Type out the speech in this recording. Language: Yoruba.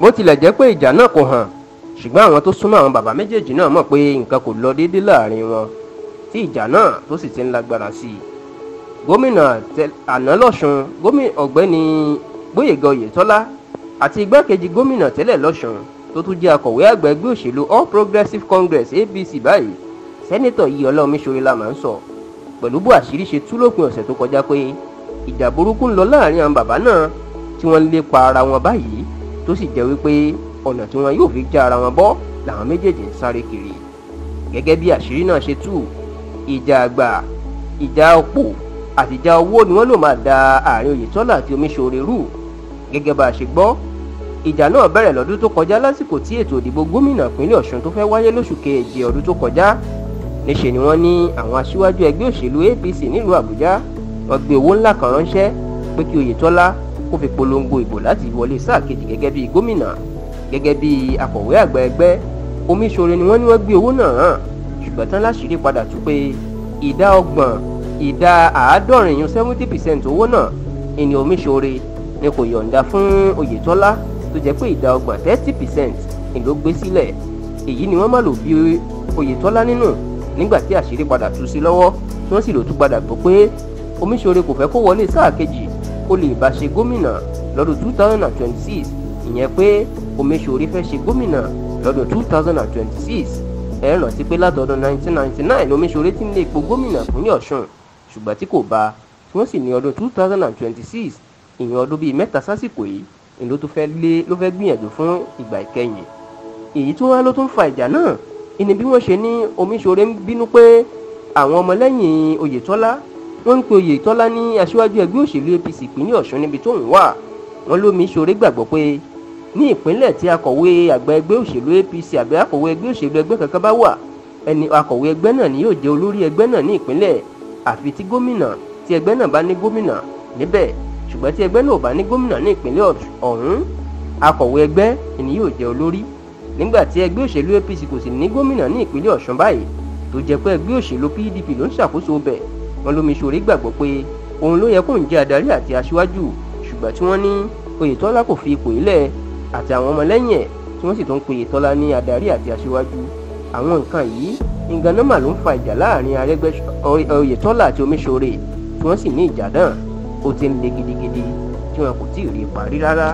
bó tilẹ̀ jẹ́ pé ìjà náà kò hàn ṣùgbọ́n àwọn tó súnmọ́ àwọn bàbá méjèèjì náà mọ̀ pé nǹkan kò lọ déédéé láàrin wọn tí ìjà náà tó sì ti ń lágbára sí i gómìnà àná lọ́sùn gómìnà ọ̀gbẹ́ni gbóyèga oyètọ́lá àti igbákejì gómìnà tẹ́lẹ̀ lọ́sùn tó tún jẹ́ akọ̀wé àgbà ẹgbẹ́ òṣèlú all progressives congress apc báyìí sẹ́nitọ̀ yìí ọlọ́míṣorí la máa ń sọ pẹ̀lú bó àṣírí ṣe tú lópin ọ̀sẹ̀ tó kọjá pé ìjà burúkú ń lọ láàrin àwọn bàbá náà tí wọ́n ń lépa ara wọn báyìí tó sì jẹ́ wípé ọ̀nà tí wọn yóò fi já ara wọn bọ́ làwọn méjèèjì ń sáré kiri gẹ́gẹ́ bí àṣírí náà ṣe tú ìjà àgbà ìjà ọ̀pọ̀ àti ìjà owó ni wọ́n lò máa da àárín Oyètọ́lá àti Omiṣore rú gẹ́gẹ́ bá a ṣe gbọ́ ìjà náà bẹ̀rẹ̀ lọ́dún tó kọjá lásìkò tí ètò ìdìbò gómìnà ìpínlẹ̀ Ọ̀ṣun tó fẹ́ wáyé lóṣù keje ọdún tó kọjá níṣe ni wọ́n ní àwọn aṣíwájú ẹgbẹ́ òṣèlú APC nílùú Àbújá wọ́n gbé owó ńlá kan ránṣẹ́ pé kí Oyètọ́lá kó fi polongo ìbò láti wọlé sáà kejì gẹ́gẹ́ bíi gómìnà gẹ́gẹ́ bíi akọ̀wé àgbà ẹgbẹ́ Omiṣore ni wọ́n ní wọ́n gbé owó náà hàn ṣùgbọ́n tán láṣìírí padà tú pé ìdá ọgbọ̀n ìdá àádọ́rin yun seventy percent owó náà ìní Omiṣore ni kò yọ̀ǹda fún Oyètọ́lá tó jẹ́ pé ìdá ọgbọ̀n thirty percent ni ló gbé sílẹ̀ èyí ni wọ́n má lò bí Oyètọ́lá nínú nígbà tí àṣírí padà tú sí lọ́wọ́ tí wọ́n sì lò tún padà gbọ́ pé Omiṣore kò fẹ́ kó wọlé sáà kejì kó lè bá ṣe gómìnà lọ́dún two thousand and twenty six ìyẹn pé Omiṣore fẹ́ ṣe gómìnà lọ́dún two thousand and twenty six ẹ rántí pé látọdún nineteen ninety nine Omiṣore ti ń lé ipò gómìnà fúnlẹ̀ Ọ̀ṣun ṣùgbọ́n tí kò bá tí wọ́n sì ní ọdún two thousand and twenty six ìyẹn ọdún bíi mẹ́ta sásìkò yìí ni ló tún fẹ́ lé ló fẹ́ gbìyànjú fún ìgbà ìkẹyìn èyí tí wọ́n ló tún fa ìjà náà ìní bí wọ́n ṣe ní Omiṣore ń bínú pé àwọn ọmọlẹ́yìn Oyètọ́lá wọ́n ń pe Oyètọ́lá ní aṣíwájú ẹgbẹ́ òṣèlú APC ìpínlẹ̀ Ọ̀ṣun níbi tóun wà wọ́n lómi ṣoré gbàgbọ́ pé ní ìpínlẹ̀ tí akọ̀wé àgbà ẹgbẹ́ òṣèlú APC àbí akọ̀wé ẹgbẹ́ òṣèlú ẹgbẹ́ kankan bá wà ẹni akọ̀wé ẹgbẹ́ náà ni yóò jẹ́ olórí ẹgbẹ́ náà ní ìpínlẹ̀ àfi tí gómìnà tí ẹgbẹ́ náà bá ní gómìnà níbẹ̀ ṣùgbọ́n tí ẹgbẹ́ náà ò bá ní gómìnà ní ìpínlẹ̀ ọ̀hún akọ̀wé ẹgbẹ́ ni yóò jẹ́ olórí nígbà tí ẹgbẹ́ òṣèlú APC kò sì ní gómìnà ní ìpínlẹ̀ Ọ̀ṣun báyìí tó jẹ́ pé ẹgbẹ́ òṣèlú PDP ló ń ṣàkóso bẹ́ẹ̀ wọn lómiṣòrí gbàgbọ́ pé òun ló yẹ kóun jẹ́ adarí àti aṣíwájú ṣùgbọ́n tí wọ́n ní oyètọ́lá kò fi ipò ilẹ̀ àti àwọn ọmọlẹ́yìn ẹ̀ tí wọ́n sì tún pe oyètọ́lá ní adarí àti aṣíwájú àwọn nǹkan yìí nǹkan nọ́mà ló ń fa ìjà láàrin oyètọ́lá àti omiṣòrí tí wọ́n sì ní ìjà náà ó ti ń le gidigidi tí wọn kò tí ì rí parí rárá.